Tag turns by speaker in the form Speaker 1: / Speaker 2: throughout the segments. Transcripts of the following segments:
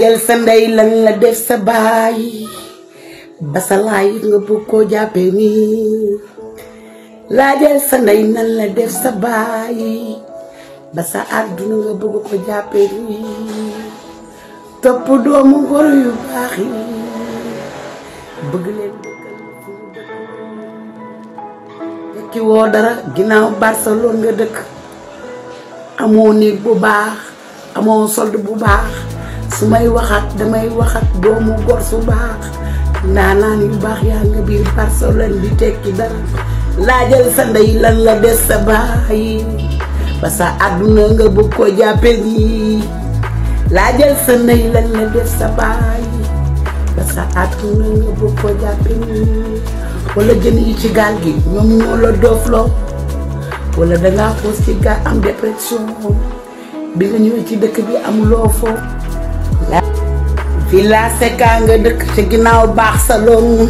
Speaker 1: jël sa ndey lan la def sa bay ba sa lay nga ko jappé ni la jël sa ndey nan la def sa bay ba sa addu nga bu ko jàppe nii doomu gor yu bax yi bëgg leen bëgg fi wo dara ginaaw barcelone nga dekk amoo néeg bu baax amoo solde bu baax sumay waxat damay waxat doomu gor su baax ndaanaan yu baax ya nga biir barcelone di tekki dara laajal sa ndey lan la dess sa baay ba sa aduna nga bu ko jàppe yi laajal sa ndey lan la dess sa baay ba sa aduna nga bu ko jappel ni wala jën yi ci gaal gi ñoom ñoo la doofloo wala dangaa xuus ci gaal am dépression bi nga ñëwee ci dëkk bi amuloo foo fii laa sekkaa nga dëkk ci ginnaaw baax sa loolu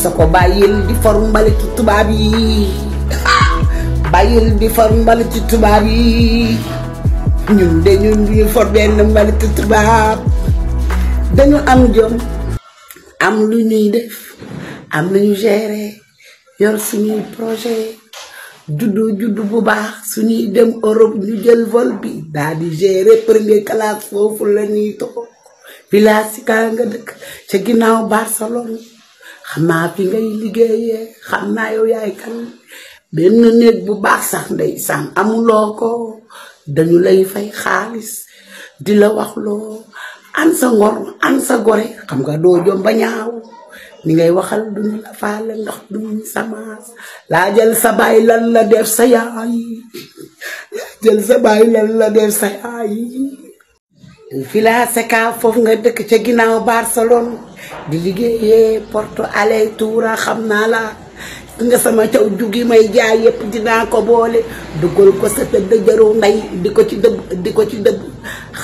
Speaker 1: sa ko bàyyil di for mbalitu tubaab yi ñun de ñun ñu for benn mbalitu tubaab dañu am jom am lu ñuy def am nañu géré yor suñu projet dudu dudu bu baax suñu dem Europe ñu jël vol bi daal di gérer premier classe fofu la ñuy toog nga dëkk ci ginnaaw Barcelone xam fi ngay liggéeyé xamna yow yaay kan benn neeg bu baax sax sam ko dañu lay fay xaaliss di wax lo an sa ngor an sa gore xam nga do jom ba ñaaw ni ngay waxal duñu la faale ndox duñu samaas laa jël sa baay lan la def sa yaay jël sa baay lan la def sa yaay laa Seca foofu nga dëkk ca ginnaaw Barcelone di liggéeyee Porto Alegre xam naa la nga sama caw jugi may jaay yëpp dinaa ko boole dugal ko sa tëdd jaru ndey di ko ci dëbb di ko ci dëbb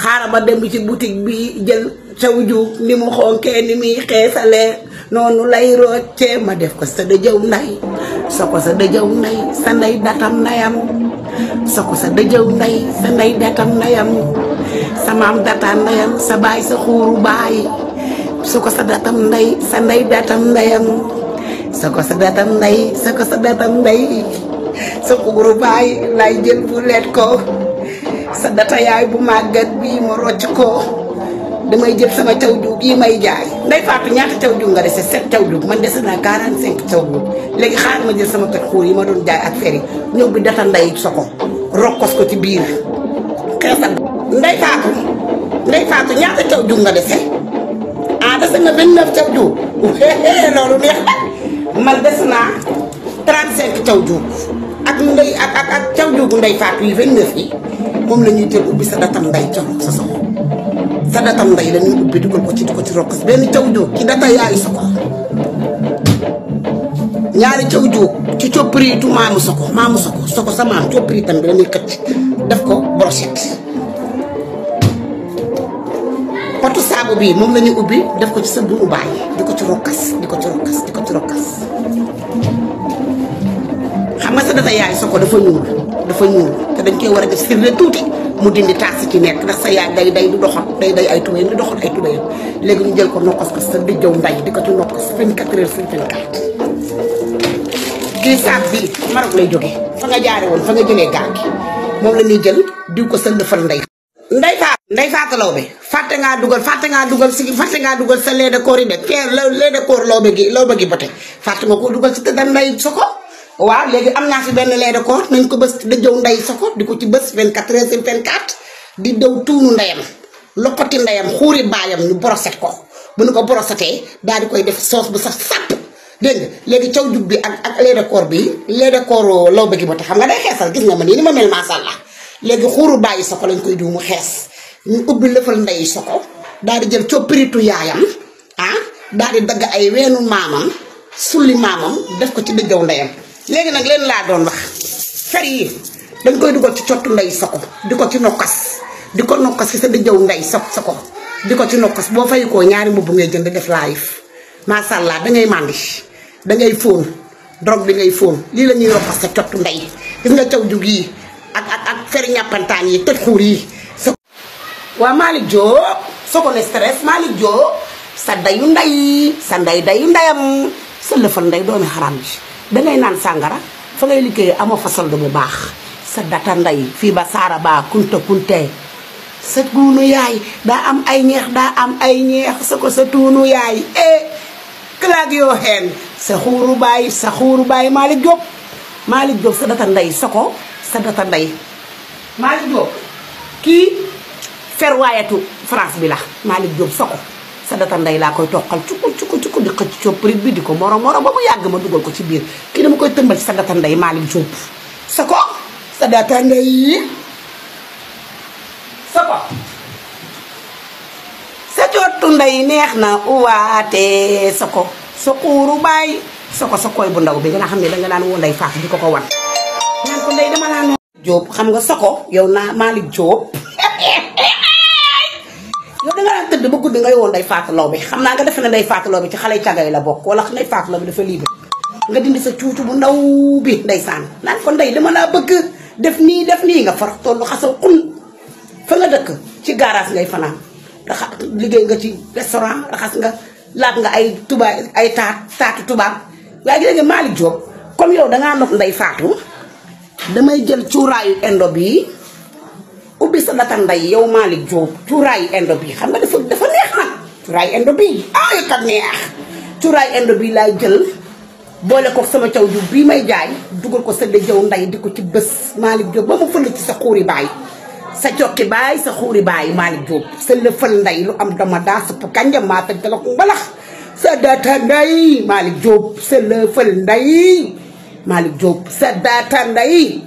Speaker 1: xaaral ma dem ci boutique bi jël caw jug ni mu xonkee ni muy xeesalee noonu lay roccee ma def ko sa dëjëw nday so ko sa dëjëw nday sa nday datam nayam so ko sa dëjëw nday sa nday datam sa maam datam ndayam sa ko sa datam nday sa nday ko sa datam nday sa datam baay lay jël bu leet ko sa data bu màggat bii ma rocc ko damay jël sama taw ju gii may jaay ndey Fatou ñaata taw diw nga dese sept taw diw man dese naa 45 taw diw léegi xaaral ma jël sama toj yi ma doon jaay ak fer yi ñëw bi data nday soko ko ci biir xeesal ndey Fatou ndey Fatou ñaata taw diw nga dese ah dese na 29 naa 35 taw diw ak ak ak ak taw diw bu ndey Fatou yi 29 yi moom la ñuy jël ubbi sa datam nday sa soxla sa datam ndey la ñuy ubbi ci di ko ci rokkas benn caw jóog ci data yaayu ñaari caw jóog ci coppiriitu maamu Sokone maamu Sokone Sokone sa maam coppiriitam bi la ñuy këcc def ko brochette. potu saabu bii moom la ñuy ubbi def ko ci sa buumu baay di ko ci rokkas di ko ci rokkas di ko ci rokkas xam nga sa data yaayu Sokone dafa ñuul dafa ñuul te dañ koy war a def sirle tuuti. mu dindi taas ci nekk ndax sa yaay day day du doxal day day ay tubéyam di doxal ay tubéyam léegi ñu jël ko nokkos ko sa dijjaw nday di ko ci nokkos 24 heures sur 24. kii saak bii Maroc lay jógee fa nga jaare woon fa nga jëlee gaal gi moom la ñuy jël diw ko sa lëfal ndey. ndey faat ndey faatalaw bi fàtte ngaa dugal fàtte ngaa dugal si fàtte ngaa dugal sa lait de corps yi de pierre lait de corps loo ba gi loo ba gi ba tey fàtte nga ko dugal si te daan nay soko waaw léegi am naa fi benn lait de corps nañ ko bës dëjëw nday sa ko di ko ci bës 24 heures sur 24 di daw tuunu ndeyam lokkati ndeyam xuuri baayam ñu boroset ko bu ñu ko borosetee daal di koy def sauce bu sax sàpp dégg léegi caw jub bi ak ak lait bi lait de corps law ba gi ba te xam nga day xeesal gis nga ma nii ni ma mel macha allah léegi xuuru bàyyi sa ko lañ koy diw mu xees ñu ubbi lëfal ndeyu sa ko daal di jël coppiritu yaayam ah daal di dëgg ay weenu maamam sulli maamam def ko ci dëjëw ndeyam. léegi nag leen laa doon wax fer yi dañ koy duggal ci cottu ndey soko di ko ci nokkas di ko nokkas ci sa dëjëw ndey so soko di ko ci nokkas boo fay koo ñaari mbubb ngay jënd def live macha allah dangay màndi dangay fóon drogue bi ngay fóon lii la ñuy nokkas sa cottu ndey gis nga caw jug yi ak ak ak fer ñàppantaan yi tëj xuur yi waa Malick Diop soo ko ne stress Malick Diop sa dayu ndey sa ndey dayu ndeyam sa lëfal ndey doomi xaram bi dangay naan sàngara fa ngay liggéey amoo fa solde bu baax sa data nday fii ba saara baa kunta kunte sa tuunu yaay daa am ay ñeex daa am ay ñeex sa ko sa tuunu yaay eh kalaag yoo xeen sa xuuru baay sa xuuru baay Malick Diop Malick Diop sa data nday sa ko sa data nday Malick Diop kii ferwaayatu France bi la Malick Diop sa ko sadatan day la koy tokal cukku cukku cukku di ciop copparit bi di moro moro ba mu yag ma duggal ko ci biir kii dama koy tëmbal ci sadatan day maalik ciop sa ko sadatan day sa ko sa jottu nday neex na uwaate sa ko sa xuuru bay sa ko sa koy bu ndaw bi nga xam da nga nan wo nday faak di ko ko wan naan ko nday dama nan ciop xam nga sa ko yow na maalik ciop yow da nga daan tëdd ba guddi nga yowoon day faataloo bi xam naa nga defe ne day faataloo bi ci xale cagay la bokk wala day faataloo bi dafa libre nga dindi sa cuucu bu ndaw bi ndeysaan naan ko ndey dama laa bëgg def nii def nii nga farax toll xasaw xun fa nga dëkk ci gaaraas ngay fanaan raxas liggéey nga ci restaurant raxas nga laat nga ay tubaab ay taat taatu tubaab waaye léegi Malick Diop comme yow dangaa nopp nday faatu damay jël cuuraayu endo bii Bisaamata Mbaye yow Malick Diop cuuraayu indo bi xam nga dafa dafa neex nag cuuraayu indo bi ay kat jël boole ko sama caw ju bii may jaay dugal ko sa dëjëw nday di ko ci bés Malick Diop ba mu fël sa xuuri baay sa cokki baay sa xuuri baay Malick Diop sa lëfal nday lu am dama daa supp kànja maa tëj dala ko mbalax sa daata nday Malick Diop sa lëfal nday Malick Diop sa daata nday